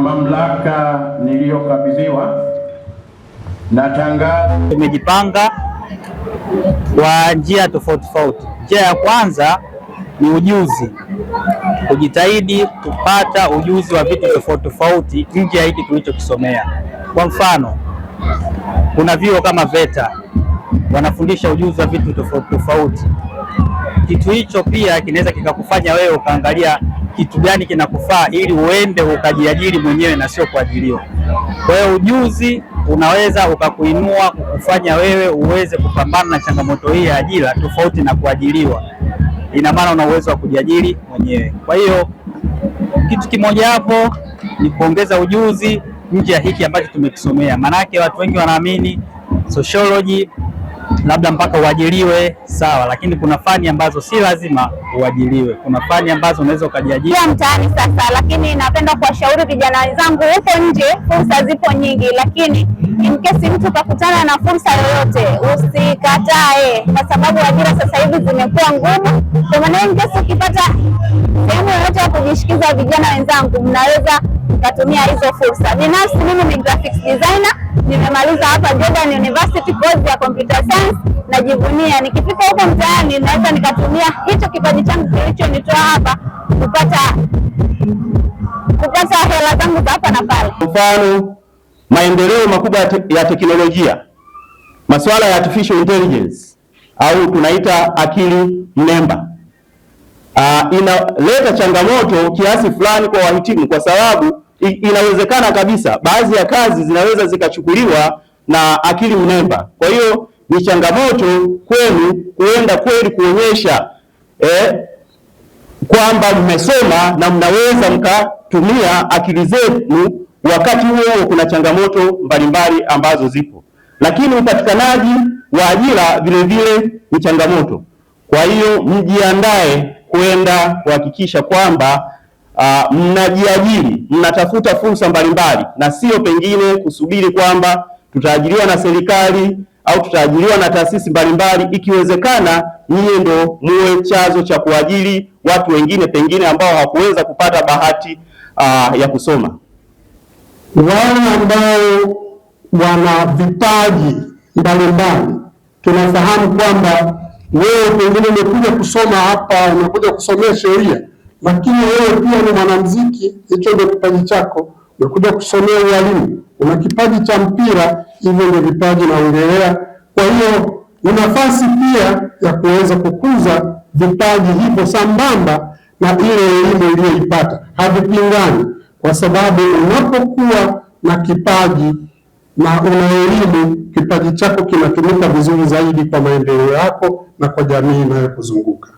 mamlaka niliyokabidhiwa natangaza. Tumejipanga kwa njia tofauti tofauti. Njia ya kwanza ni ujuzi, kujitahidi kupata ujuzi wa vitu tofauti tofauti nje ya hiki tulichokisomea. Kwa mfano, kuna vyuo kama VETA wanafundisha ujuzi wa vitu tofauti tofauti. Kitu hicho pia kinaweza kikakufanya wewe ukaangalia kitu gani kinakufaa ili uende ukajiajiri mwenyewe na sio kuajiriwa. Kwa hiyo ujuzi unaweza ukakuinua kukufanya wewe uweze kupambana na changamoto hii ya ajira, tofauti na kuajiriwa. Ina maana una uwezo wa kujiajiri mwenyewe. Kwa hiyo kitu kimoja hapo ni kuongeza ujuzi nje ya hiki ambacho tumekisomea, maanake watu wengi wanaamini sociology labda mpaka uajiriwe sawa, lakini kuna fani ambazo si lazima uajiriwe. Kuna fani ambazo unaweza ukajiajiri mtaani. Sasa lakini napenda kuwashauri vijana wenzangu, huko nje fursa zipo nyingi, lakini in case mtu kakutana na fursa yoyote usikatae, kwa sababu ajira sasa hivi zimekuwa ngumu. Kwa maana in case ukipata sehemu yoyote ya kujishikiza, vijana wenzangu, mnaweza nikatumia hizo fursa. Binafsi mimi ni graphics designer, nimemaliza hapa Jordan University course ya computer science. Najivunia nikifika huko mtaani, naweza nikatumia hicho kipaji changu kilichonitoa hapa kupata kupata hela zangu za hapa na pale. Mfano, maendeleo makubwa ya teknolojia, masuala ya artificial intelligence au tunaita akili mnemba Uh, inaleta changamoto kiasi fulani kwa wahitimu kwa sababu inawezekana kabisa baadhi ya kazi zinaweza zikachukuliwa na akili mnemba. Kwa hiyo ni changamoto kwenu kuenda kweli kuonyesha eh, kwamba mmesoma na mnaweza mkatumia akili zenu. Wakati huo huo kuna changamoto mbalimbali ambazo zipo, lakini upatikanaji wa ajira vile vile ni changamoto. Kwa hiyo mjiandae kwenda kuhakikisha kwamba uh, mnajiajiri, mnatafuta fursa mbalimbali, na sio pengine kusubiri kwamba tutaajiriwa na serikali au tutaajiriwa na taasisi mbalimbali. Ikiwezekana nyie ndo muwe chazo cha kuajiri watu wengine pengine ambao hawakuweza kupata bahati uh, ya kusoma. Wale ambao wana vipaji mbalimbali, tunafahamu kwamba wewe pengine umekuja kusoma hapa, umekuja kusomea sheria lakini wewe pia ni mwanamuziki, hicho ndio kipaji chako, umekuja kusomea ualimu, una kipaji cha mpira, hivyo ndio vipaji naongelea. Kwa hiyo ni nafasi pia ya kuweza kukuza vipaji hivyo sambamba na ile elimu iliyoipata, havipingani, kwa sababu unapokuwa na kipaji na una elimu, kipaji chako kinatumika vizuri zaidi kwa maendeleo yako na kwa jamii inayokuzunguka.